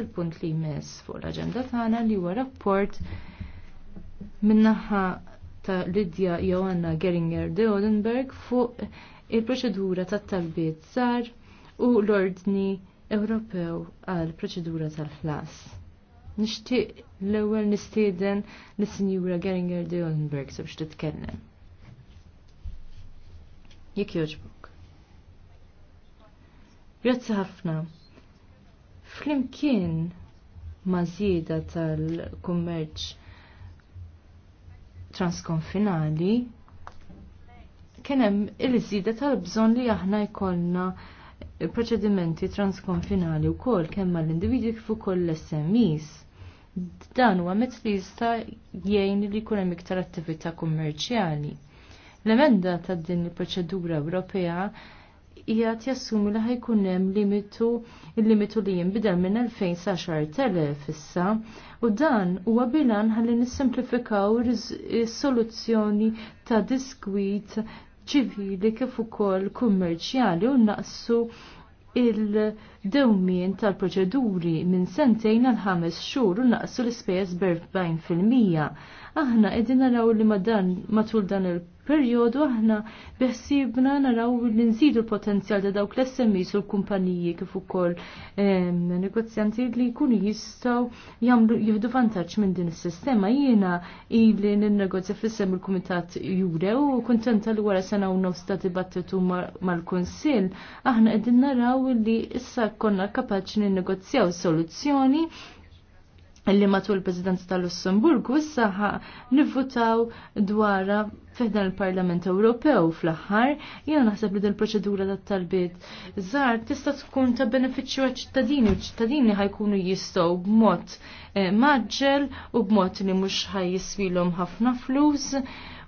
il-punt li jmess fuq l-agenda tagħna li huwa rapport min-naħa ta' Lidja Joanna Geringer de Odenberg fuq il-proċedura ta' talbiet sar u l-ordni Ewropew għal proċedura tal-ħlas. Nixtieq l-ewwel nistieden lis-Sinjura Geringer de Odenberg sabiex titkellem. Jekk jogħġbok. Grazzi ħafna. Flimkien ma' tal-kummerċ transkonfinali kien hemm il-żieda tal-bżonn li aħna jkollna proċedimenti transkonfinali wkoll kemm mal-individwi kif ukoll l-SMEs. Dan huwa mezz li jista' jgħin li jkun hemm iktar attività kummerċjali. L-emenda ta' din il-proċedura Ewropea jgħat jassumi li ħajkun hemm limitu il-limitu li jinbidel minn 2000 sa xar telefissa, u dan huwa bilan ħalli nissimplifikaw is-soluzzjoni ta' diskwit ċivili kif ukoll kummerċjali u naqsu il- dewmien tal-proċeduri minn sentejn għal ħames xhur u naqsu l-ispejjeż b'40 fil-mija. Aħna qegħdin naraw li madan matul dan il-perjodu aħna beħsibna naraw li nżidu l-potenzjal ta' dawk l-SMEs u l-kumpaniji kif ukoll negozjanti li jkunu jistgħu jagħmlu jieħdu vantaġġ minn din is-sistema. Jiena ili ninnegozja fis-sem il-Kumitat Jure u kuntenta li wara sena u nofs ta' dibattitu mal-Kunsill aħna qegħdin naraw li issa konna kapaċi ninnegozjaw soluzzjoni li matul il-Presidenza tal-Lussemburgu issaħa nivvutaw dwara fiħdan il-Parlament Ewropew fl-aħħar, jena naħseb li dil-proċedura tat talbiet żgħar tista' tkun ta' benefiċċju għaċ-ċittadini u ċittadini ħajkunu jistgħu b'mod eh, maġġel u b'mod li mhux ħajjiswilhom ħafna flus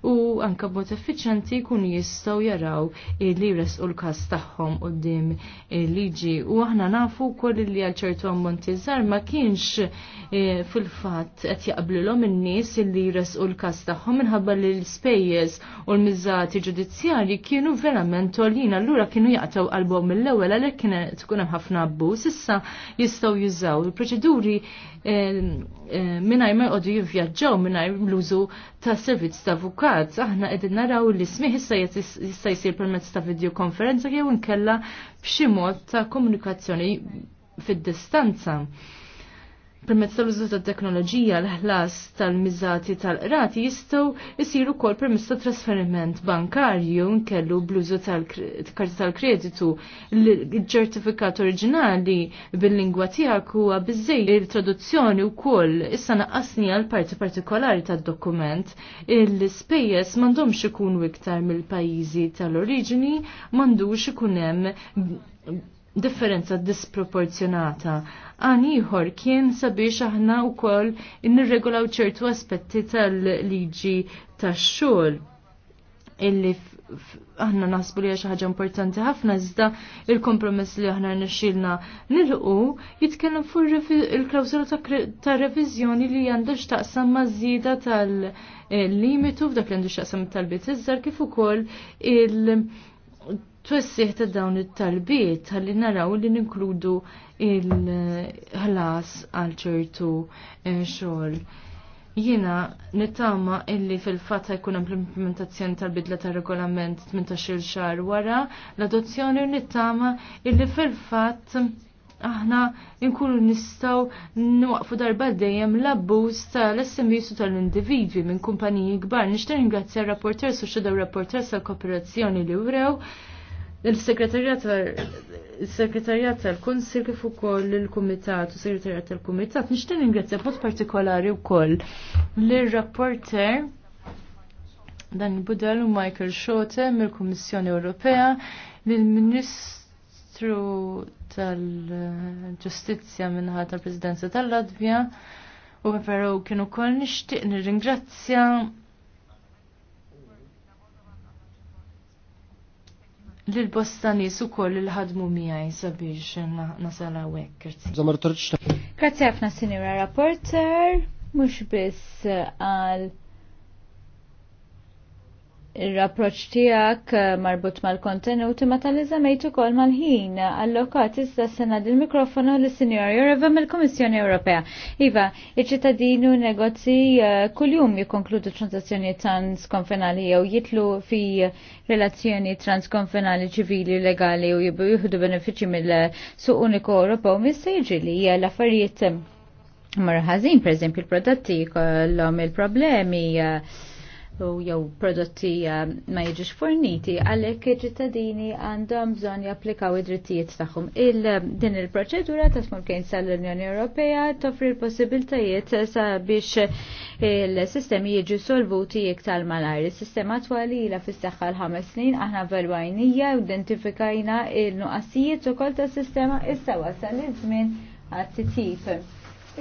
u anka bot effiċenti jkunu jistgħu jaraw li u l-każ tagħhom dim liġi u aħna nafu wkoll li għal ċertu ammonti żgħar ma kienx eh, fil-fatt qed jaqblilhom in-nies li jresqu l-każ tagħhom minħabba li l-ispejjeż u l-miżati ġudizzjarji kienu verament tolina allura kienu jaqtaw qalbhom mill-ewwel għalhekk kien tkun hemm ħafna abbu s'issa jistgħu jużaw il-proċeduri minnaj ma jqodu jivvjaġġaw minnaj l-użu ta' servizz ta' avukat. Aħna qegħdin naraw li smih issa jista' jsir permezz ta' videokonferenza jew nkella b'xi mod ta' komunikazzjoni fid-distanza permezz tal-użu ta' teknoloġija l-ħlas tal-mizzati tal-qrati jistgħu jsiru wkoll permezz ta' trasferiment bankarju nkellu bl-użu tal-karti tal-kreditu l-ċertifikat oriġinali bil-lingwa tiegħek huwa biżejjed il-traduzzjoni wkoll issa naqqasni għal parti partikolari tad-dokument il-spejjeż m'għandhomx ikunu iktar mill-pajjiżi tal-oriġini m'għandux ikun hemm differenza disproporzjonata. Għan ieħor kien sabiex aħna wkoll nirregolaw ċertu aspetti tal-liġi tax-xogħol illi aħna naħsbu li xi ħaġa importanti ħafna iżda il-kompromess li aħna nixxilna nilqu jitkellem fuq il-klawżola ta' reviżjoni li għandha x'taqsam ma' żieda tal-limitu f'dak li għandu x'taqsam tal-bit iżżar kif ukoll il- twessih ta' dawn it-talbiet ħalli naraw li ninkludu il-ħlas għal ċertu eh, xogħol. Jiena nittama illi fil-fatt ħajkun implementazzjoni tal-bidla tar regolament 18 xahar wara l-adozzjoni nittama illi fil-fatt aħna nkunu nistaw nwaqfu darba dejjem l-abbuż tal-SMBs u tal-individwi minn kumpaniji kbar. Nixtieq ringrazzja r-rapporter u xedew rapporter sal kooperazzjoni li wrew il-Sekretarjat tal-Konsil kif ukoll il-Kumitat u Sekretarjat tal-Kumitat nixtieq ningrazzja b'mod partikolari wkoll lir-rapporter dan il-budel u Michael Schote mill-Kummissjoni Ewropea lill-Ministru tal-Ġustizzja minħa tal-Presidenza tal-Latvja u però kienu ukoll nixtieq nirringrazzja l-bosta nis u koll l-ħadmu miħaj sabiex nasala wek. Grazie għafna, Senior Rapporter, mux biss għal il-rapproċ tijak eh, marbut mal kontenuti ma tal-izamejtu kol mal-ħin allokat issa sena dil-mikrofonu l sinjor Joreva mill-Komissjoni Ewropea. Iva, iċ-ċittadini u eh, kull-jum jikonkludu transazzjoni transkonfenali jew jitlu fi relazzjoni transkonfenali ċivili legali u jibu juhdu benefiċi mill-suq uniku Ewropew mis-sejġi li eh, l-affarijiet marħazin, per eżempju, il-prodotti kollom il-problemi u jew prodotti eh, ma jiġux forniti għalhekk iċ-ċittadini għandhom bżonn japplikaw id-drittijiet tagħhom. il din il-proċedura ta' smolkejn sal-Unjoni Ewropea toffri l-possibiltajiet sabiex il-sistemi jiġu solvuti iktar malajr. Is-sistema attwali ila fis saħħa l-ħames snin aħna valwajnija identifikajna il nuqasijiet ukoll tas-sistema issa wasal iż-żmien għat-titjif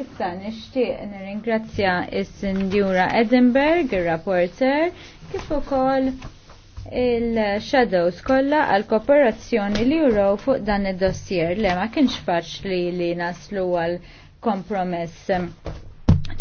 Issa nixtieq nirringrazzja s sindjura Edinburgh, ir-rapporter, kif ukoll il-Shadows kollha għal kooperazzjoni li juraw fuq dan id-dossier li ma kienx faċli li naslu għal kompromess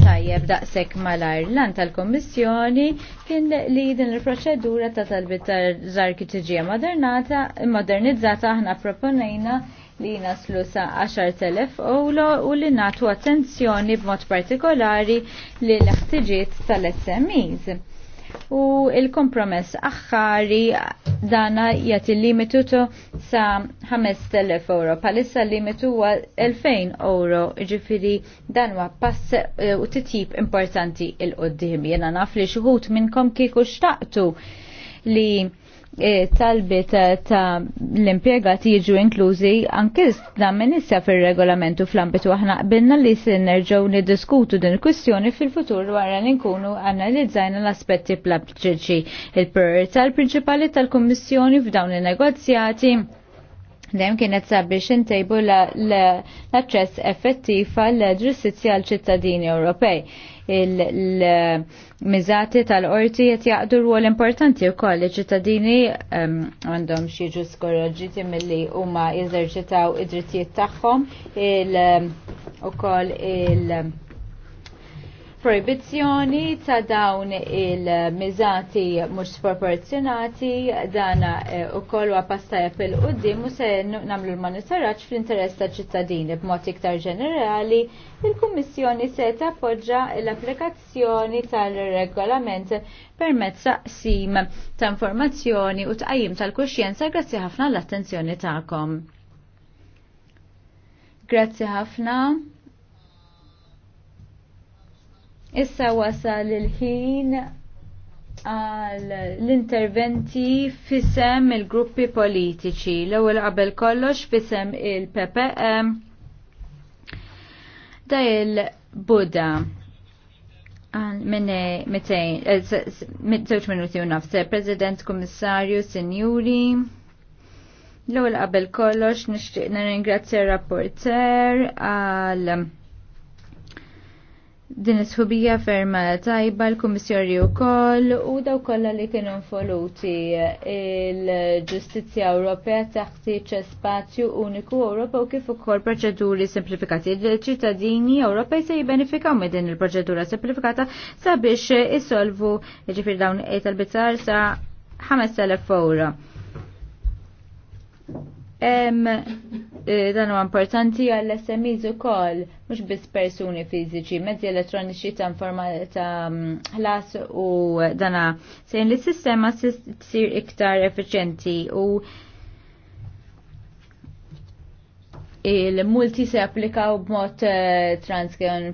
tajjeb daqshekk malajr lan tal-Kommissjoni kien li din il-proċedura ta' talbit tal-żarki tiġi modernizzata aħna proponejna li naslu sa 10.000 ulo u li natu attenzjoni b'mod partikolari li l-ħtiġiet tal-SMEs. U il-kompromess aħħari dana jgħat il-limitu sa 5.000 euro. Palissa l-limitu huwa 2.000 euro, ġifiri dan huwa pass e, u titjib importanti il-qoddim. Jena naf li xuħut minnkom kieku xtaqtu li E, talbit ta' l-impiegati jiġu inklużi anke dan minn issa fir-regolamentu fl-ambitu aħna qbilna li se nerġgħu niddiskutu din il-kwistjoni fil-futur wara li nkunu analizzajna l-aspetti plastiċi. Il-priorità l-prinċipali tal-Kummissjoni f'dawn in-negozjati Dem kienet sabiex intejbu l-aċċess effettiv għal ġustizzja l ċittadini Ewropej. Il-mizati tal-qorti qed jaqdu rwol importanti wkoll iċ-ċittadini għandhom xi jiġu skoraġġiti milli huma jeżerċitaw id-drittijiet tagħhom il il-, il proibizzjoni ta' dawn il-miżati mhux sproporzjonati dan eh, ukoll huwa pastajja il qudiem u se nagħmlu l-monitoraġġ fl-interess ta' ċittadini b'mod iktar ġenerali il-Kummissjoni se tappoġġa l-applikazzjoni tal-regolament permezz sim ta' informazzjoni u tqajjim tal-kuxjenza grazzi ħafna l-attenzjoni tagħkom. Grazzi ħafna. Issa wasal il-ħin għal l-interventi fisem il-gruppi politiċi. L-ewwel qabel kollox fisem il ppm da il-Buda minn 200 eh, minuti u nafse, President, Komissarju, Sinjuri. L-ewwel qabel kollox nixtieq nirringrazzja r-rapporter għal din is-sħubija ferma tajba l-Kummissarju wkoll u daw kollha li kienu nfoluti il-Ġustizzja Ewropea taħtieġ spazju uniku Ewropa u kif ukoll proċeduri simplifikati. Il-ċittadini Ewropej se jibbenefikaw minn din il-proċedura simplifikata sabiex isolvu ġifir dawn tal-bizzar sa 5000 euro dan huwa importanti għall SMEs ukoll, mhux biss persuni fiżiċi, mezzi elettroniċi ta' ta' ħlas u dana sejn li s-sistema tsir iktar effiċenti u il-multi se applikaw b'mod eh,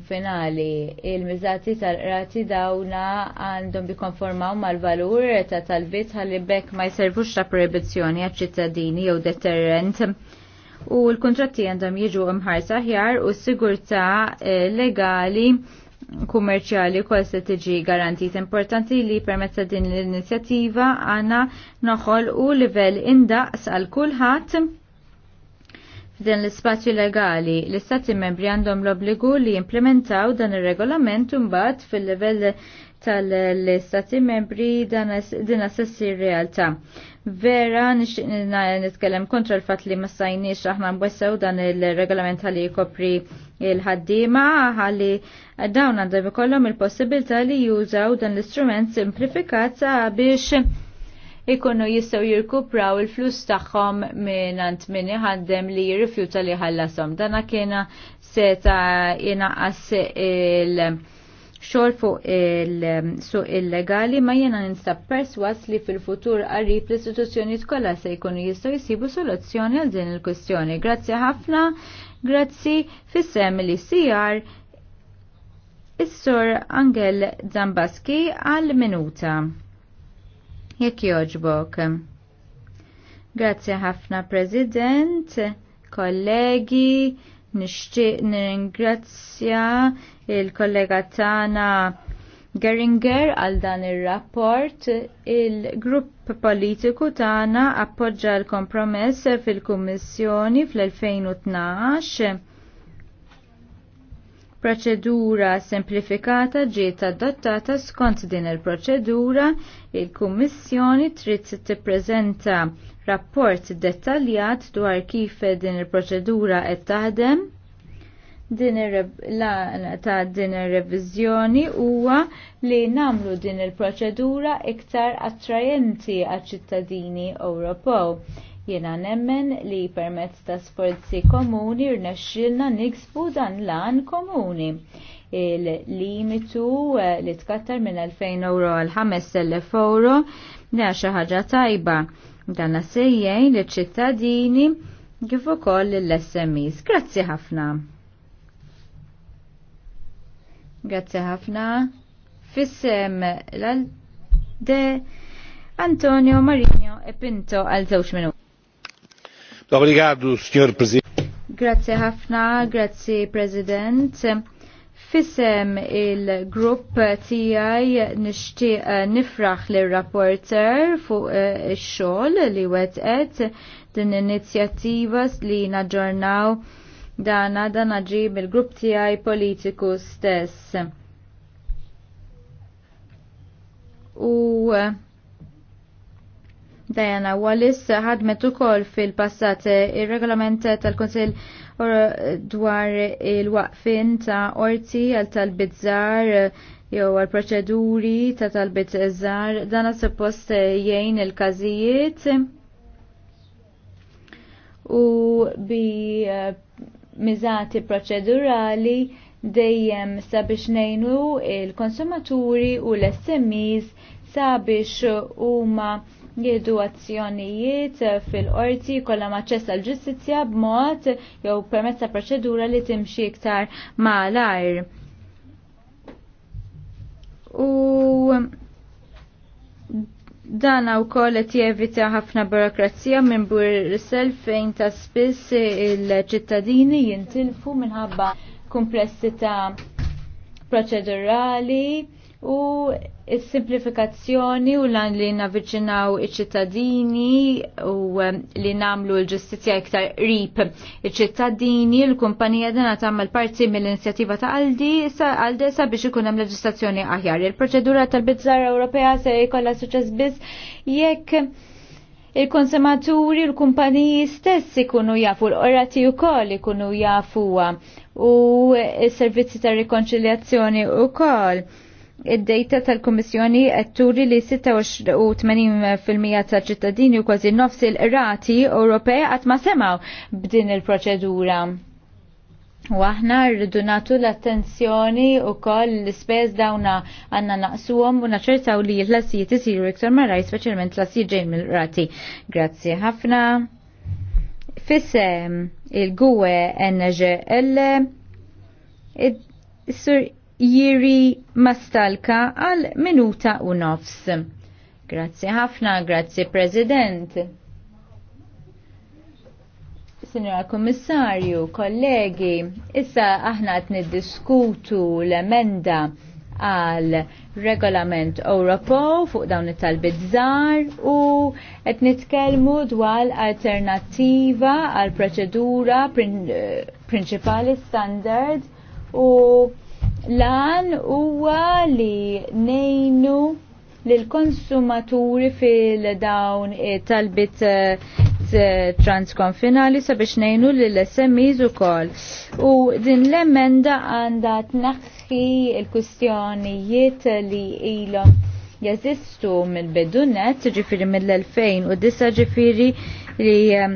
finali. Il-mizzati tal-rati dawna għandhom bikonformaw mal-valur ta' tal-vit għalli bekk ma jservux ta' proibizzjoni għal ċittadini jew deterrent. U l-kontratti għandhom jiġu imħarsa saħjar u s-sigurta eh, legali kummerċjali kol se tiġi garantit importanti li permezza din l-inizjattiva għana noħol u livell indaqs għal kulħadd F'din l-ispazju legali, l-istati membri għandhom l-obbligu li jimplementaw dan ir-regolament mbagħad fil-livell tal-istati membri din assessi r-realtà. Vera, nitkellem kontra l-fat li ma stajniex aħna mwessew dan il-regolament għalli jkopri il-ħaddima għalli dawn għandhom ikollhom il-possibilità li jużaw dan l-istrument simplifikat biex ikunnu jistgħu jirkupraw il-flus tagħhom mingħand minni iħaddem li jirrifjuta li ħallasom. Dana kena seta jinaqqas il- xor fuq il-suq illegali ma jena ninstab perswas li fil-futur qarib l-istituzzjoni kollha se jkunu jistgħu jsibu soluzzjoni għal din il-kwestjoni. Grazzi ħafna, grazzi fissem li sijar is-sur Angel Zambaski għal minuta jekk joġbok. Grazzi ħafna President, kollegi, nixtieq nirringrazzja il-kollega tagħna Geringer għal dan ir-rapport il il-grupp politiku tagħna appoġġa l-kompromess fil-Kummissjoni fl-2012 Proċedura semplifikata ġiet adottata skont din il-proċedura il-Kummissjoni trid tippreżenta rapport dettaljat dwar kif din il-proċedura qed taħdem din ta' din ir-reviżjoni huwa li namlu din il-proċedura iktar attrajenti għaċ ċittadini Ewropew Jena nemmen li permezz ta' sforzi komuni rnexxilna niksbu dan lan komuni. Il-limitu eh, li tkattar minn 2000 euro għal 5000 euro li xi ħaġa tajba. Dan sejjejn li ċittadini kif ukoll l-SMEs. Grazzi ħafna. Grazzi ħafna. Fissem l-de Antonio Marino e Pinto għal żewġ minuti. Obrigado, Sr. President. Grazie ħafna, grazie President. Fisem il-grupp tijaj nishtiq eh, nifraħ l-rapporter fuq eh, il-xol li wetqet din inizjattiva li naġġornaw dana dan ġib il-grupp tijaj politiku stess. U eh, Diana Wallis ħadmet ukoll fil-passat eh, ir-regolament tal-Kunsill eh, dwar il-waqfin ta' orti għal tal-bizzar eh, jew għal proċeduri ta' talbit bizzar dan suppost jgħin il-każijiet u bi miżati proċedurali dejjem sabiex nejnu il-konsumaturi u l-SMEs sabiex huma jiedu azzjonijiet fil-qorti kollha maċċess għal ġustizzja b'mod jew permezz ta' proċedura li timxi iktar malajr. U dan u koll qed jevita ħafna burokrazija minn Brussel fejn ta' spiss il-ċittadini jintilfu minħabba komplessità proċedurali u il-simplifikazzjoni u lan li naviġinaw iċ-ċittadini u um, li namlu l-ġustizja iktar rip. Iċ-ċittadini, l-kumpanija dana tagħmel parti mill-inizjattiva ta' Aldi għalde biex ikun hemm leġislazzjoni aħjar. Il-proċedura tal-Bizzar Ewropea se jkollha suċċess biss jekk il-konsumaturi u l-kumpaniji stess ikunu jafu, l-orati u koll ikunu jafu u s-servizzi ta' rikonċiljazzjoni u koll Id-dejta tal-Kummissjoni qed turi li 86% tal ċittadini u kważi nofs il-rati Ewropea qatt ma semgħu b'din il-proċedura. U aħna rridu nagħtu l-attenzjoni wkoll l-ispejs dawna għandna naqsuhom u naċċertaw li l-klassijiet isiru iktar maraj, speċjalment klassijiet ġejn mill-rati. Grazzi ħafna. Fissem il-gwe NGL Is-sur Jiri Mastalka għal minuta u nofs. Grazzi ħafna, grazzi President. Sinjora Kommissarju, kollegi, issa aħna qed niddiskutu l-emenda għal regolament Europo fuq dawn it talbizzar u qed nitkellmu dwar alternattiva għal proċedura prin eh, prinċipali standard u lan huwa li nejnu l-konsumaturi fil-dawn eh, talbit eh, transkonfinali sabiex nejnu l-SMEs u kol. U din l-emenda għanda tnaħħi il-kustjonijiet li ilom jazistu mill-bidunet ġifiri mill disa ġifiri li eh,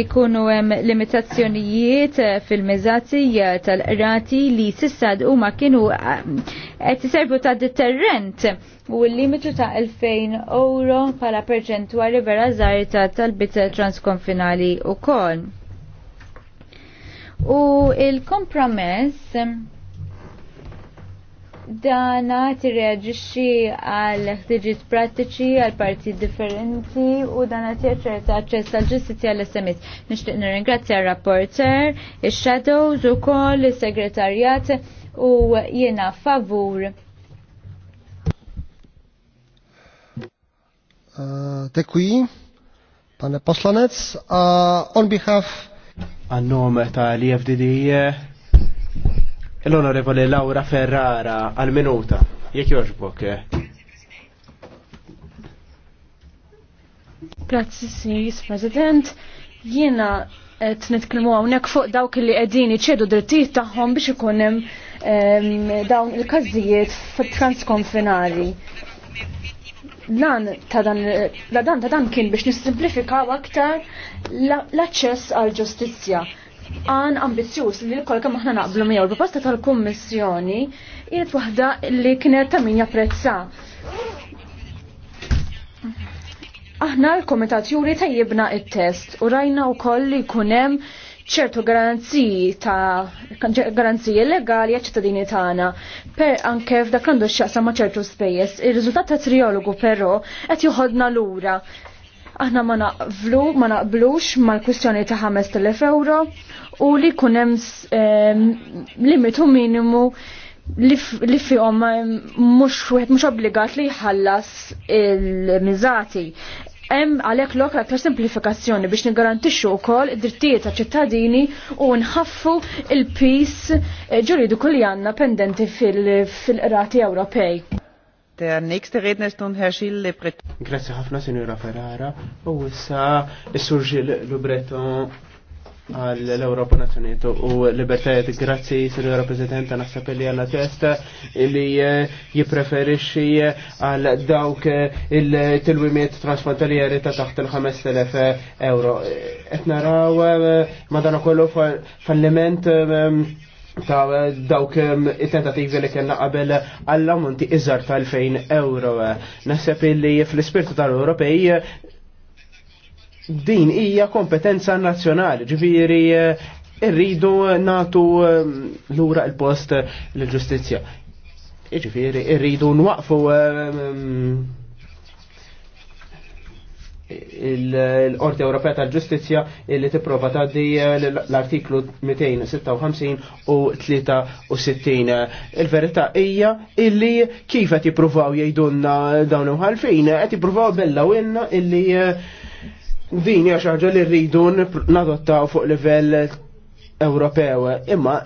ikunu hemm limitazzjonijiet eh, fil-miżati eh, tal-rati li sissad huma kienu eh, qed iservu ta' deterrent u l-limitu ta' 2000 euro pala perċentwali vera żgħir tal-bit transkonfinali kol. U il-kompromess dana tirreġixxi għal ħtiġijiet prattiċi għal parti differenti u dana t-jaċċerta aċċess għal ġustizzja għal SMS. Nixtieq nirringrazzja r-rapporter, ix-shadows ukoll is-segretarjat u jiena favur. Dekwi, uh, pane poslanec, uh, on behalf. Għannom ta' li FDD l onorevole Laura Ferrara għal-minuta. Jek joġbok. Eh? Grazzi, Signor President. Jiena qed nitkellmu hawnhekk fuq dawk li qegħdin iċedu drittijiet tagħhom biex ikun hemm ehm, dawn il-każijiet transkonfinari. Dan ta' dan, ta' dan kien biex nissimplifikaw aktar l-aċċess għal ġustizzja għan ambizjuż li l-kol kemm aħna naqblu miegħu l-proposta tal-Kummissjoni jiet waħda li kienet ta' min japprezza. Aħna l-Komitat Juri jibna il test u rajna wkoll li kunem ċertu garanziji ta' garanziji legali ċittadini tagħna. Per anke f'dak għandu xaqsa ma' ċertu spejjeż. Ir-riżultat ta' triologu però qed joħodna lura aħna ma naqblu, ma naqblux mal-kwistjoni ta' 5.000 euro u li kunem limitu minimu li fihom mhux wieħed mhux obbligat li jħallas il-miżati. Hemm għalhekk lok aktar simplifikazzjoni biex nigarantixxu wkoll id-drittijiet ta' ċittadini u nħaffu il-peace eh, ġuridiku li għandna pendenti fil-qrati Ewropej. Der nächste Redner ist nun Herr Gilles Le Breton. Grazie ħafna, Signora Ferrara. U issa, Sur Gilles Le Breton għall-Europa Nazzjoniet u Libertajiet. grazie, Signora Presidenta, naħseb għalla testa li eh, jipreferixxi eh, għal dawk eh, il-tilwimiet transfrontalieri ta' taħt il-5000 euro. Etna raw, madana kollu falliment ta' dawk ehm, il-tentativi li kellna qabel għall-ammonti iżar ta' 2000 euro. Naħseb li fl-ispirtu tal-Ewropej din hija kompetenza nazzjonali, ġifieri eh, irridu natu ehm, lura il-post l-ġustizzja. Ġifiri irridu nwaqfu ehm, l-Qorti Ewropea tal-Ġustizzja li tipprova tgħaddi l-artiklu 256 u 63. Il-verità hija illi kif qed jippruvaw jgħidulna dawn imħalfin, qed jippruvaw bellaw inna illi eh, din hija xi ħaġa li rridu nadottaw fuq livell Ewropew. Imma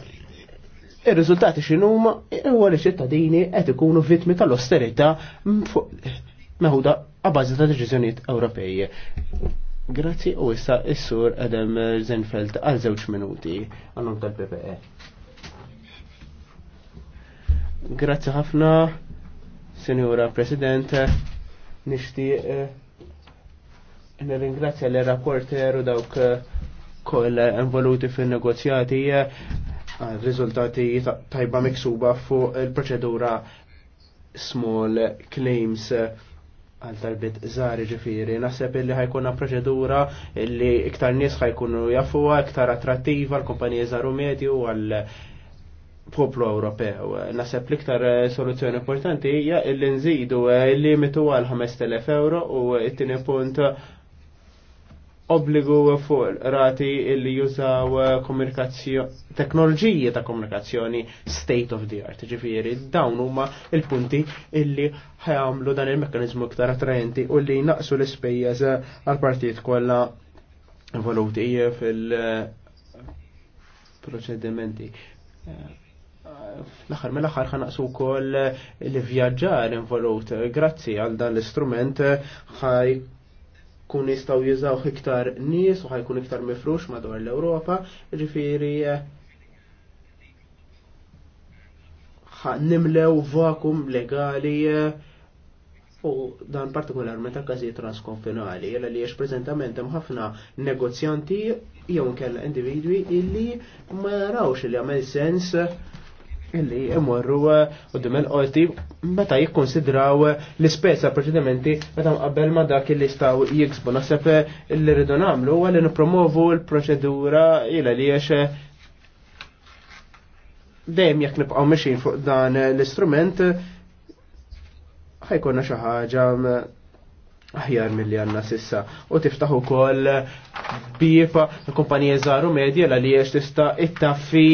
Ir-riżultati x'inhuma huwa li ċittadini qed ikunu vittmi tal-osterità meħuda għabbażi ta' deċiżjonijiet Ewropej. Grazzi u issa is-sur Adam Zenfeld għal żewġ minuti għannum tal-PPE. Grazzi ħafna, Sinjura President, nixtieq eh, nirringrazzja l-rapporter u dawk eh, koll involuti fin-negozjati eh, għal riżultati tajba miksuba fuq il-proċedura small claims għal tarbit zari ġifiri. Naħseb illi ħajkuna proċedura illi iktar nis ħajkunu jaffuwa, iktar attrattiva għal kumpaniji zaru medju għal poplu Ewropew. Naħseb l-iktar soluzzjoni importanti hija illi nżidu il-limitu għal 5000 euro u it-tieni punt obbligu fuq rati illi jużaw eh, komunikazzjoni, teknologija ta' komunikazzjoni state of the art, ġifiri, dawn huma il-punti illi ħajamlu dan il-mekkanizmu iktar attraenti u li naqsu l-ispejjeż eh, għal-partijiet kollha involuti eh, fil-proċedimenti l-axar mill aħħar ħanaqsu wkoll l-vjaġġar involut. Grazzi għal dan l-istrument ħaj kun jistaw jizaw iktar nies u ħajkun iktar mifrux madwar l-Ewropa, ġifiri eh, nimlew vakum legali eh, u dan partikolarment ta' każijiet transkonfinali, jella li jiex prezentament hemm ħafna negozjanti jew kella individwi illi ma jarawx li għamel sens illi imorru eh, u dimel qorti meta jikkonsidraw l-ispesa proċedimenti meta mqabbel ma dak illi staw jiksbu naħseb eh, illi rridu nagħmlu u li nippromovu l-proċedura ila li jiex eh, dejjem jekk nibqgħu mexin fuq dan l-istrument ħajkonna xi ħaġa aħjar mill-li għanna sissa u tiftaħ ukoll bifa l-kumpanija żaru medja l għaliex tista' ittaffi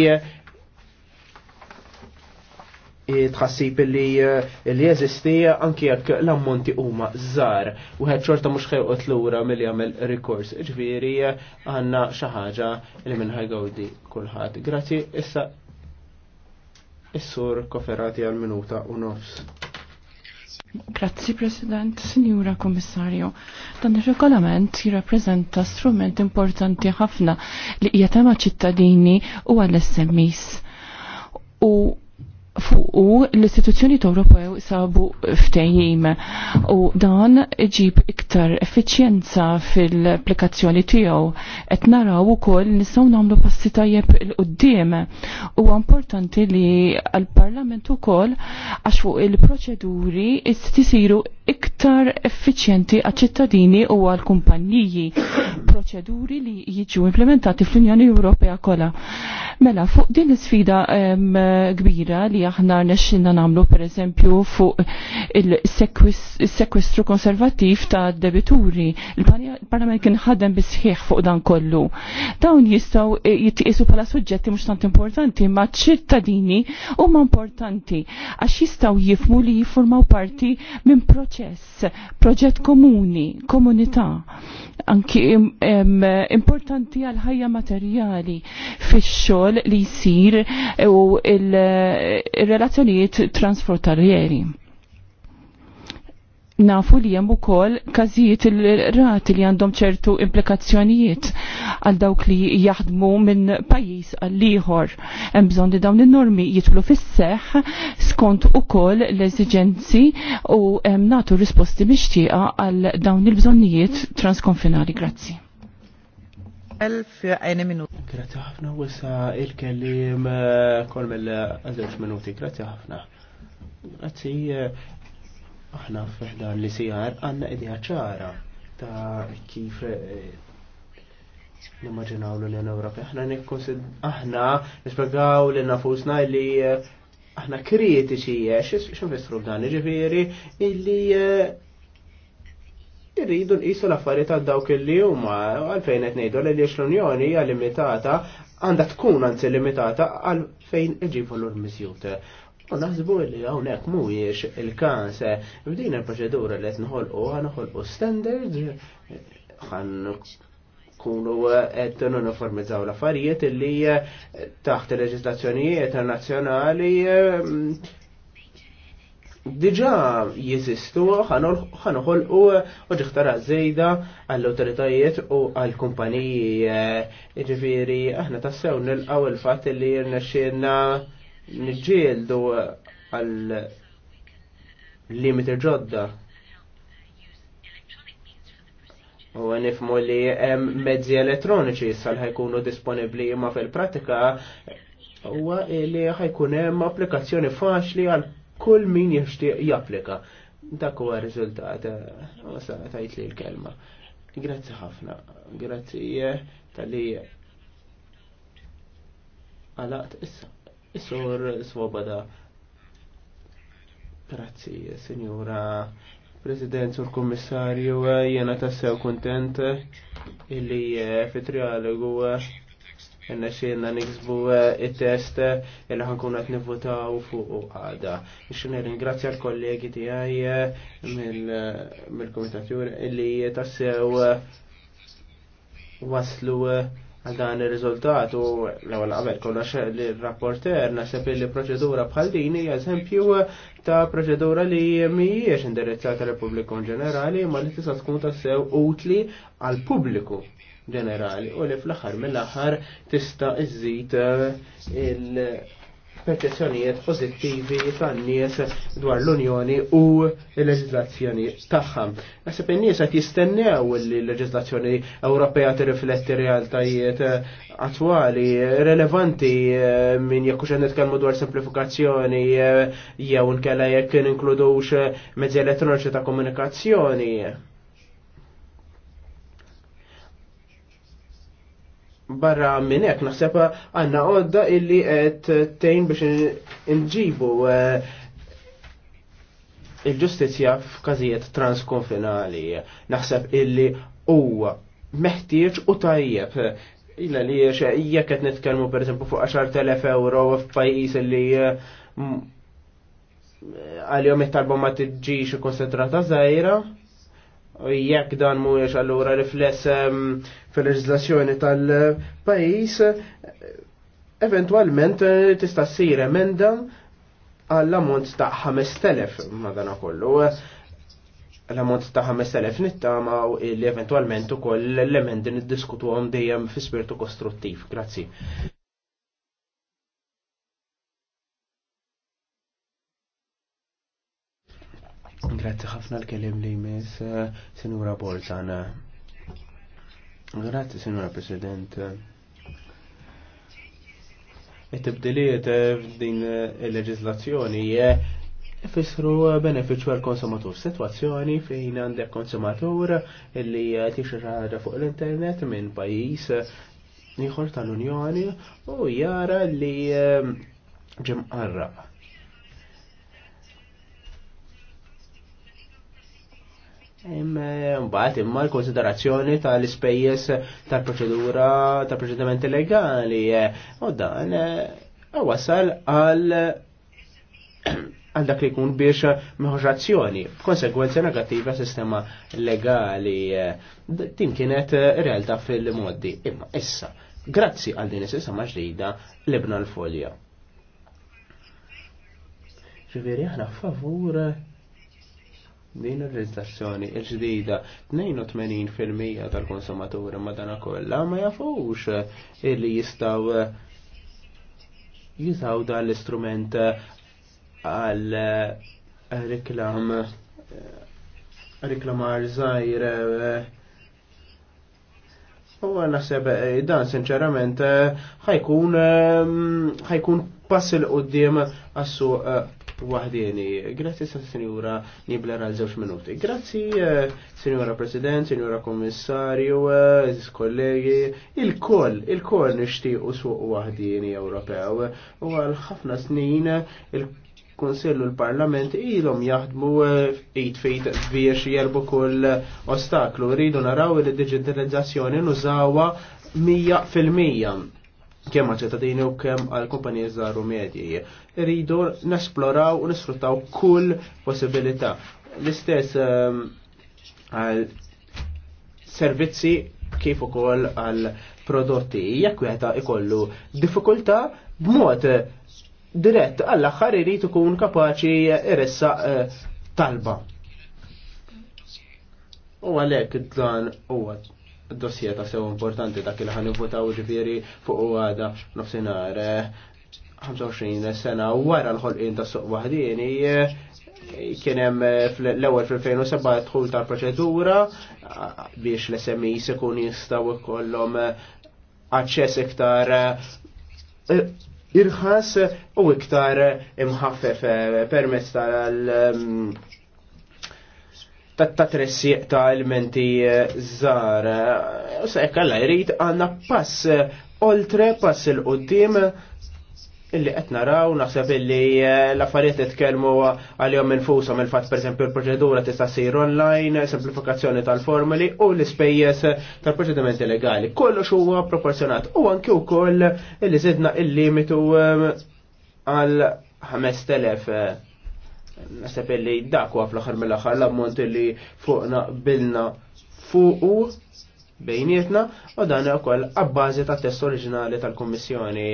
tħassib li eh, li jeżisti anki jekk l-ammonti huma żgħar u ħed xorta mhux ħejqot lura milli jagħmel rikors. Ġifieri eh, għandna xi ħaġa li ħajgawdi kulħadd. Grazzi issa is-sur koferati għal minuta u nofs. Grazzi President, Sinjura Kommissarju. Dan ir-regolament jirrappreżenta strument importanti ħafna li qiegħed ċittadini u għall smis U fuqu l-istituzzjoni Ewropew sabu ftejjim u dan iġib iktar effiċjenza fil-applikazzjoni tiegħu qed naraw ukoll nistgħu nagħmlu passi tajjeb il qudiem Huwa importanti li għall-Parlament ukoll għax fuq il-proċeduri tisiru iktar effiċjenti għal ċittadini u għall-kumpanniji proċeduri li jiġu implementati fl-Unjoni Ewropea kollha Mela, fuq din l-sfida kbira li aħna nesċinna namlu per eżempju fuq il sekwistru konservativ ta' debituri, il-parlament kien ħadem bisħiħ fuq dan kollu. Dawn jistaw e, jitqisu pala suġġetti mhux tant importanti, ma' ċittadini huma importanti għax jistaw jifmu li jiformaw parti minn proċess, proġett komuni, komunità anki importanti għal ħajja materjali fix-xogħol kol li jsir u il-relazzjonijiet transfrontalieri. Nafu li hemm ukoll każijiet il-rati li għandhom ċertu implikazzjonijiet għal dawk li jaħdmu minn pajjiż għal ieħor. Hemm bżonn li dawn in-normi jidħlu fis-seħħ skont ukoll l eżigenzi u hemm nagħtu risposti mixtieqa għal dawn il-bżonnijiet transkonfinali. Grazzi. L für Grazie wissa il-kellim eh, kol mill minuti. Grazie ħafna. Grazie, eh, aħna f'dan li sijar għanna idea ċara ta' kif eh, nimmaġinaw l-Unjoni Aħna nikkonsid aħna nispjegaw li nafusna li aħna kritiċi x'infissru b'dan, ġifieri illi irridu nqisu l-affarijiet għal dawk illi huma għalfejn qed ngħidu li l-Unjoni hija limitata għandha tkun anzi limitata għalfejn iġibu l-miżjut. U naħsbu li hawnhekk mhuwiex il-każ f'din il-proċedura li qed nħolqu ħanħolqu standards ħan kunu qed uniformizzaw l-affarijiet li taħt il-leġislazzjonijiet internazzjonali diġa jeżistu ħanoħol u oġiħtara zejda għall-autoritajiet u għall-kumpaniji eh, ġifiri aħna tassew nil nil-għaw il-fat li jirna xienna nġildu eh, għall limiter ġodda U nifmu li mezzi elettroniċi sal ħajkunu disponibli imma fil-pratika huwa li ħajkun hemm applikazzjoni faċli għal kull min jixtieq japplika. Dak huwa riżultat eh, sa tajt li l-kelma. Grazzi ħafna, grazzi eh, tal-li għalaqt issa. isur svobada. Swoboda. Grazzi, Signora President, Sur Kommissarju, eh, jena tassew kontent illi fit-trialogu jenna xienna niksbu eh, il-test eh, il-ħan kunat għat u fuq u għada. Nixin ringrazzja l-kollegi għaj eh, mill-komitat jur illi tassew waslu għal dan il-rizultat u l-għal għabel kollox l-rapporter nasib li proċedura bħal din eżempju ta' proċedura li mhijiex indirizzata l-pubbliku ġenerali ma li tista' tkun tassew utli għal pubbliku ġenerali u li fl-aħħar mill-aħħar tista' iżid eh, il-perċezzjonijiet pozittivi tan-nies dwar l-Unjoni u l-leġiżlazzjoni tagħha. Naħseb in-nies qed jistennew li l leġislazzjoni Ewropea tirrifletti realtajiet eh, attwali relevanti eh, minn jekk xed nitkellmu dwar semplifikazzjoni jew nkella jekk inkludux mezzi elettroniċi ta' komunikazzjoni barra minn hekk naħseb għandna għodda illi qed tejn biex inġibu eh, il-ġustizzja f'każijiet transkonfinali. Naħseb illi u meħtieġ u tajjeb illa li jekk qed nitkellmu pereżempju fuq 10,000 euro f'pajjiż li eh, għal-jom it-talba ma tiġix konsentrata żgħira jekk dan mhuwiex allura rifless ehm, fil-leġislazzjoni tal-pajjiż, eventwalment eh, tista' ssir emenda għall-ammont ta' 5000 madanakollu. L-ammont ta' 5000 nittama li eventwalment ukoll l emendi niddiskutu għom dejjem fi spiritu kostruttiv. Grazzi. Grazzi ħafna l-kelim li jmiss eh, Sinura Borzana. Grazzi Sinura President. It-tibdiliet eh, f'din eh, il-leġizlazzjoni Fissru beneficju għal konsumatur situazzjoni fejn għandek konsumatur illi tixir ħaġa fuq l-internet minn pajis ieħor tal-Unjoni u jara li ġimqarra Eh, mbagħad imma l-konsiderazzjoni tal-ispejjeż tal-proċedura tal-proċedimenti legali. Eh, u dan eh, wasal għal għal dak li jkun biex meħoġazzjoni, b'konsegwenza negattiva sistema legali. Din kienet realtà fil-moddi. Imma issa, grazzi għal din is-sistema ġdida libna l-folja. Ġifieri aħna favur din ir-reżlazzjoni il-ġdida 82% tal-konsumaturi madana kollha ma jafux eh, illi jistaw eh, jizaw dan l-istrument eh, għal reklam reklamar zaħir u naħseb dan sinċerament ħajkun ħajkun passil u qoddim għas wahdini. Grazzi sa' Sinjura Nibla għal żewġ minuti. Grazzi eh, Sinjura President, Sinjura Kommissarju, eh, kollegi, il-koll, il-koll nixtiequ suq wahdini Ewropew. U għal ħafna snin il konsillu l-Parlament ilhom jaħdmu eh, id fejt biex jerbu kull ostaklu. Rridu naraw li digitalizzazzjoni nużawa 100% kemm dini u kemm għal kompanija zaru u medji. nesploraw u nisfruttaw kull possibilità. L-istess ehm, għal servizzi kif ukoll għal prodotti jekk wieħed ikollu diffikultà b'mod dirett għall-aħħar irid ikun kapaċi iressaq eh, talba. U għalhekk dan huwa dossier ta' sew importanti dak il ħan votaw ġifieri fuq u għada nofsinhar 25 sena wara l-ħolqien ta' suq waħdini kien hemm l-ewwel fil-2007 dħul tal-proċedura biex l-SMI ikun jistgħu ikollhom aċċess iktar eh, irħas u iktar imħaffef eh, permezz tal mm, ta' tressiq ta' elementi zar. Eh, sa' kalla jrid għanna pass eh, oltre pass il-qoddim illi qed naraw naħseb illi eh, l-affarijiet li tkellmu għalihom infushom il-fatt pereżempju l-proċedura tista' ssir online, semplifikazzjoni tal-formuli u l-ispejjeż tal-proċedimenti legali. Kollox huwa proporzjonat u anke wkoll illi zidna il-limitu għal 5000 Nasab li dak huwa fl-aħħar mill-aħħar l-ammont li fuqna bilna fuqu bejnietna u dan ukoll abbażi ta' test oriġinali tal-Kummissjoni.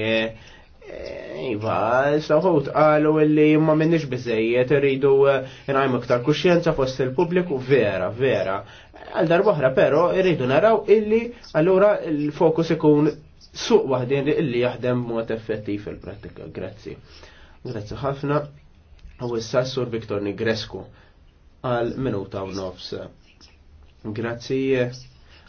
Iva, s sawħut għalu li ma minnix bizzejiet rridu nħajmu ktar kuxjenza fost il-publiku, vera, vera. Għal darbohra, pero rridu naraw illi allura il-fokus ikun suq wahdin illi jaħdem mod effettiv fil-prattika. Grazzi. Grazzi ħafna. U issa s-sur Viktor Nigresku għal minuta u nofs. Grazzi.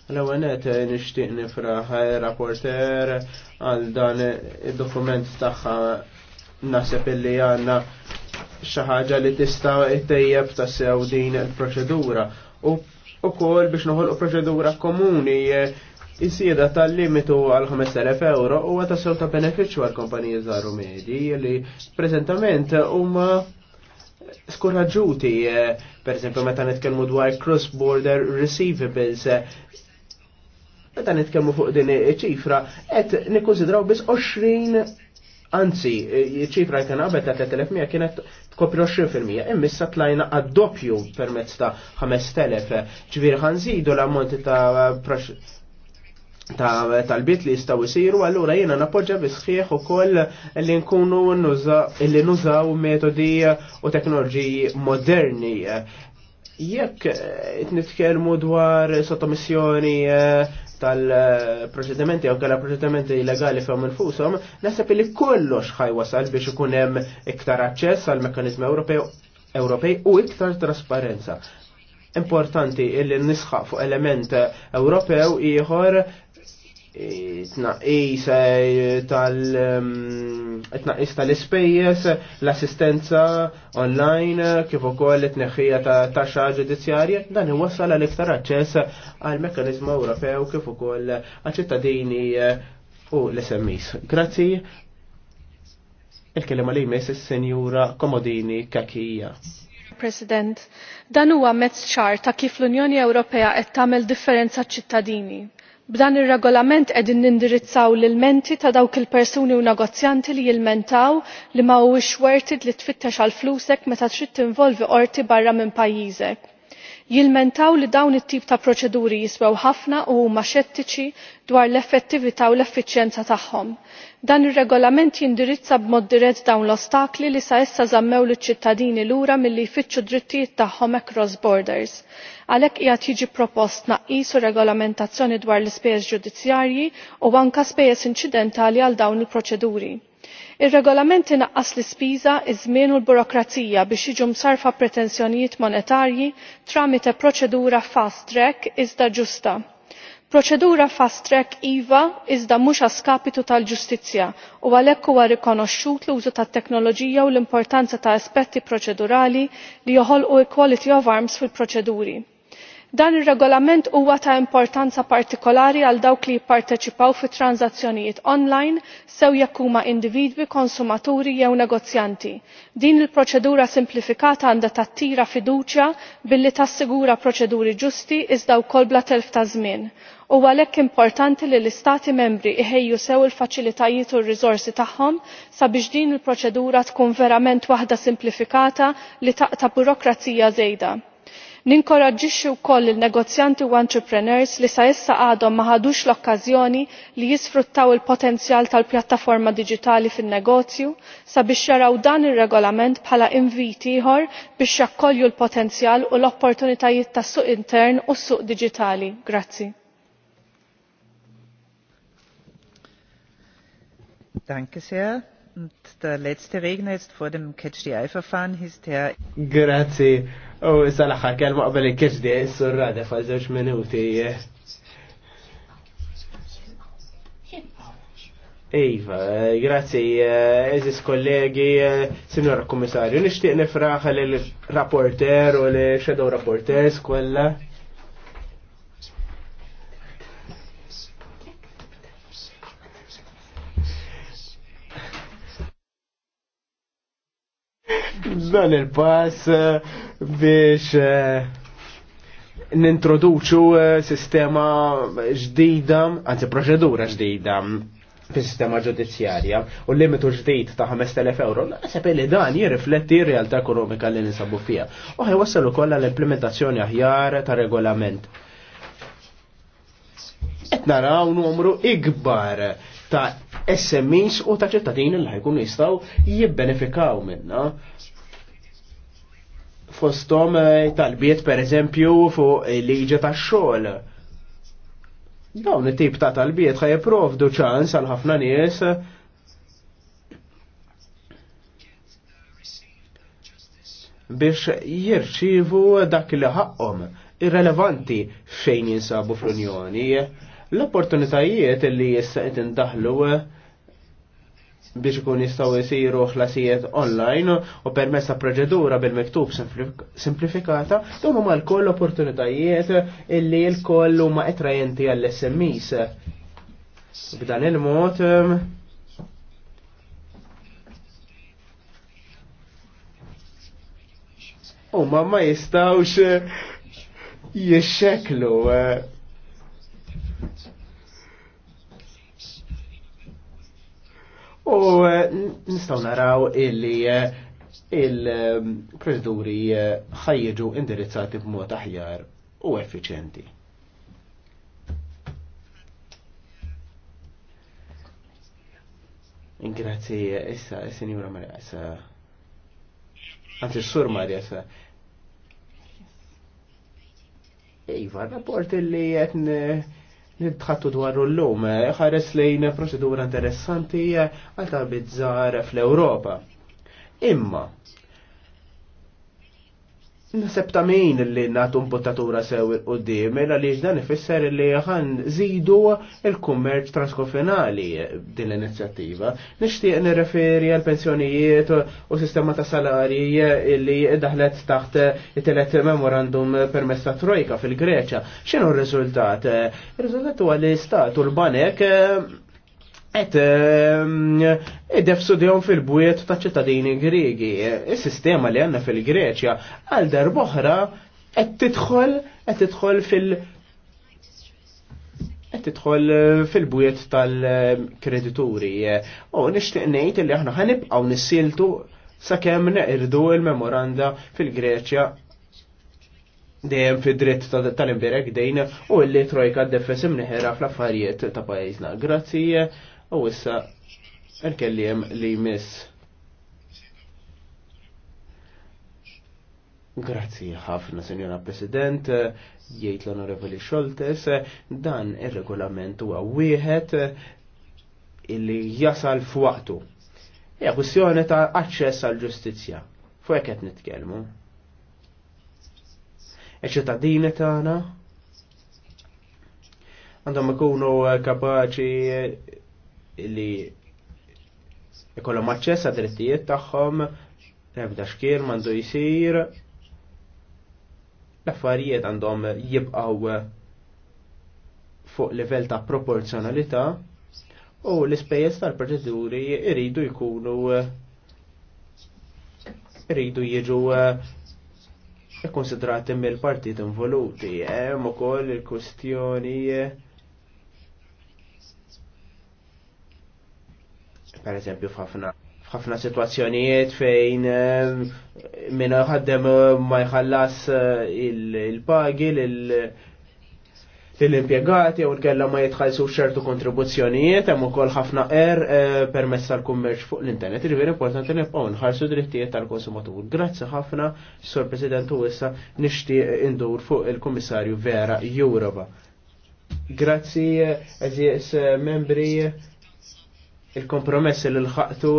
L-għanet nishtiq nifraħ rapporter għal dan il-dokument taħħa nasib illi għanna xaħġa li tista it-tejjeb ta' sew din il-proċedura. U kol biex noħolqu proċedura komuni is tal-limitu għal 5.000 euro u għata ta' beneficju għal kompaniji zaru medji li prezentament huma skoraġuti, eh, per esempio, meta nitkellmu dwar cross-border receivables, eh, meta nitkellmu fuq din iċ-ċifra, qed nikkonsidraw biss 20 Anzi, eh, ċifra kien qabel ta' 3.000 kienet tkopri 20%, immissa tlajna għad-doppju permezz ta' 5.000, ċviri ħanżidu l-ammonti ta' tal-bit li jistaw jisiru, allura jena napoġġa bisħieħ u koll li nkunu li nużaw metodi u teknoloġiji moderni. Jekk eh, nitkelmu dwar sottomissjoni eh, tal-proċedimenti jew għala proċedimenti illegali fejn infushom, naħseb li kollox ħajwasal biex ikun hemm iktar aċċess għal mekkaniżmi Ewropej u iktar trasparenza importanti illi nisħaq fuq element Ewropew ieħor tnaqis eh, tal-tnaqis mm, tal-ispejjes, l-assistenza online, kif ukoll it-tneħħija ta' taxxa ġudizzjarja, dan iwassal għal iktar aċċess għal mekkaniżmu Ewropew kif ukoll għaċ-ċittadini eh, u l-SMEs. Grazzi. Il-kelema li jmiss is-Senjura Komodini Kakija. President, dan huwa mezz ċar ta' kif l-Unjoni Ewropea qed tagħmel differenza ċittadini b'dan ir-regolament qegħdin nindirizzaw lil menti ta' dawk il-persuni u negozjanti li jilmentaw li mhuwiex worth it li tfittex għal flusek meta trid tinvolvi qorti barra minn pajjiżek jilmentaw li dawn it-tip ta' proċeduri jiswew ħafna u huma xettiċi dwar l-effettività u l-effiċjenza tagħhom. dan ir-regolament jindirizza b'mod dirett dawn l-ostakli li sa issa żammew liċ-ċittadini lura milli jfittxu drittijiet tagħhom across borders għalhekk qiegħed jiġi propost tnaqqis u regolamentazzjoni dwar l-ispejjeż ġudizzjarji u anke spejjeż inċidentali għal dawn il-proċeduri ir-regolament inaqqas l-ispiża iż-żmien u l-burokrazija biex jiġu msarfa pretensjonijiet monetarji tramite proċedura fast track iżda ġusta. proċedura fast track iva iżda mhux a skapitu tal-ġustizzja u għalhekk huwa rikonoxxut l-użu tat-teknoloġija u l-importanza ta' aspetti proċedurali li joħolqu equality of arms fil-proċeduri dan ir-regolament huwa ta' importanza partikolari għal dawk li jipparteċipaw fi transazzjonijiet online sew jekk huma individwi konsumaturi jew negozjanti. din il-proċedura simplifikata għandha tattira fiduċja billi tassigura proċeduri ġusti iżda wkoll bla telf ta' żmien u għalhekk importanti li l-istati membri jħejju sew il-faċilitajiet u r-riżorsi tagħhom sabiex din il-proċedura tkun verament waħda simplifikata li taqta' burokrazija żejda ninkoraġġixxi wkoll il negozjanti u entrepreneurs li sa issa għadhom ma ħadux l-okkażjoni li jisfruttaw il-potenzjal tal-pjattaforma diġitali fin-negozju sabiex jaraw dan ir-regolament bħala invit ieħor biex jakkolju l-potenzjal u l-opportunitajiet tas-suq intern u s-suq diġitali. Grazzi. Danke sehr. Und der letzte Redner jetzt vor dem Catch-the-Eye-Verfahren ist Herr... Grazie. U issa l-axar kelma qabel il-kisdi, s-surra defa zewġ minuti. Iva, grazzi, eżis kollegi, sinjora kommissarju, nishtiq nifraħ l-rapporter u l-shadow rapporters kolla. dan il-pass eh, biex eh, nintroduċu eh, sistema ġdida, anzi proċedura ġdida fi sistema ġudizzjarja u limitu ġdid ta' 5000 euro, naħseb li dan jirrifletti r-realtà ekonomika li nisabu fija. U ħajwassal ukoll l-implementazzjoni aħjar ta' regolament. Etna naraw numru ikbar ta' SMEs u ta' ċittadini li ħajkun jistaw jibbenefikaw minna. Fostom eh, talbiet per eżempju fuq eh, liġi ta' xogħol. Dawn it-tip ta' talbiet ħaj jipprovdu ċans għal ħafna nies biex jirċivu dak li ħaqhom irrelevanti fejn jinsabu fl-Unjoni. L-opportunitajiet li jista' qed indaħlu biex ikun jistaw jisiru ħlasijiet online u permessa proċedura bil-miktub simplifikata, dawn huma l-koll opportunitajiet illi l-koll huma etrajenti għall-SMEs. B'dan il-mod ehm, huma ma jistawx jixxeklu eh, nistaw naraw illi eh, il proceduri eh, ħajjeġu indirizzati b'mod aħjar u effiċenti. Grazzi, eh, issa, signora Maria, issa. Anzi, sur Maria, issa. Iva, rapport li jetni nintħattu dwar l-lum, eh, ħares lejn procedura interessanti eh, għal ta' fl-Europa. Imma, nasebta ta' min li nagħtu potatura sew il-qoddim, għaliex mela dan ifisser li ħan zidu il-kummerċ transkofenali din l-inizjattiva. Nixtieq nirreferi għal pensjonijiet u sistema ta' salarji li daħlet taħt it-telet memorandum permess ta' trojka fil-Greċa. X'inhu r-riżultat? Ir-riżultat huwa li l-Istat u l-banek et ehm, id-defsu fil bujet ta' ċittadini Gregi. Is-sistema li għanna fil-Greċja għal darboħra qed tidħol qed tidħol fil- qed tidħol eh, fil-bwiet tal-kredituri. U nixtieq ngħid li aħna ħanibqgħu nissiltu sakemm neqirdu il-memoranda fil-Greċja dejjem fid-dritt tal-imbirek dejn u li trojka d-defessim neħera fl-affarijiet ta' pajjiżna. Grazzi. U issa nkellim li miss. Grazzi ħafna, Senjora President, jgħid l-Onorevoli Xoltes, dan ir-regolament huwa wieħed illi jasal f'waqtu. Hija kwistjoni ta' aċċess għall ġustizzja. Fuq hekk qed nitkellmu. iċ tagħna għandhom ikunu kapaċi li ikollhom aċċess għad drittijiet tagħhom, ebda xkien m'għandu jsir. L-affarijiet għandhom jibqgħu fuq livell ta' proporzjonalità u l-ispejjeż tal-proċeduri jridu jkunu jridu jiġu ikkonsidrati mill-partit involuti. Hemm ukoll il-kwestjoni Per eżempju, f'ħafna f'ħafna situazzjonijiet fejn eh, minn ħaddem eh, ma jħallas eh, il-pagi l-impiegati u l-kella ma jitħallsu xertu kontribuzzjonijiet hemm ukoll ħafna er permessa tal-kummerċ fuq l-internet. Irvien importanti nibqgħu nħarsu drittijiet tal-konsumatur. Grazzi ħafna, Sur President u issa nixtieq indur fuq il-Kummissarju Vera Europa. Grazzi, eżis membri il-kompromess li l-ħaqtu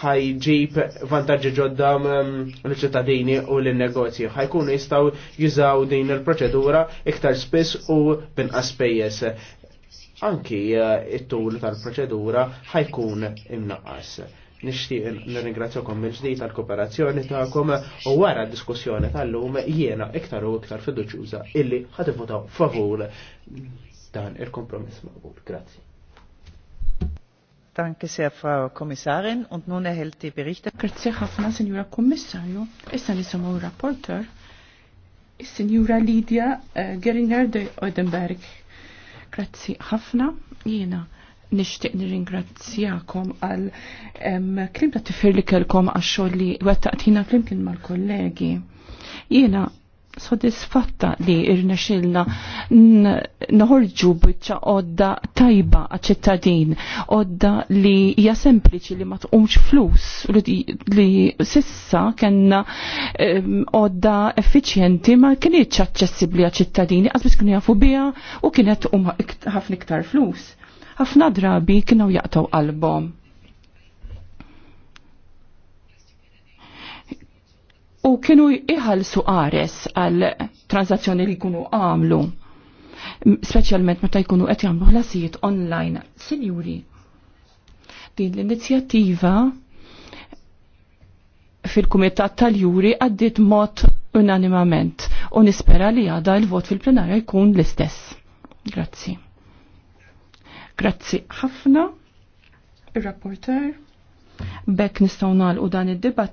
ħajġib vantaġġi ġodda um, l-ċittadini u l-negozji. ħajkunu jistaw jużaw din il-proċedura iktar spiss u binqas pejjes. Anki uh, it-tul tal-proċedura ħajkun imnaqas. Nishtiq nirringrazzjakom mil ġdid tal-kooperazzjoni tagħkom u wara d-diskussjoni tal-lum jiena iktar u iktar fiduċjuża illi ħativvotaw favur dan il-kompromess maqbul. Grazzi. Danke sehr, Frau Kommissarin. Und nun erhält die Berichte. Grazie Hafna, Signora Kommissario. Kommissarju. Issa nisimaw rapporteur. Signora Lidia eh, Geringer de Oudenberg. Grazie Hafna. Jena, nishtiq nirringrazzjakom għal klim ta' tifir li kelkom għax xogħol li wettaqtina klim kien mal-kollegi. Jena, sodisfatta li irnexilla noħorġu bieċa odda tajba ċittadin, odda li hija sempliċi li ma tqumx flus, li sissa kena odda effiċjenti ma kienieċ aċċessibbli ċittadini, għaz biex kienu jafu biha u kienet tqum ħafna iktar flus. ħafna drabi kienu jaqtaw qalbhom u kienu iħalsu qares għal transazzjoni li jkunu għamlu. Speċjalment meta jkunu qed jagħmlu ħlasijiet online. Sinjuri, din l-inizjattiva fil-Kumitat tal-Juri għaddit mod unanimament u nispera li għada l-vot fil-plenarja jkun l-istess. Grazzi. Grazzi ħafna, il-rapporter, bekk nistawna l dan id debat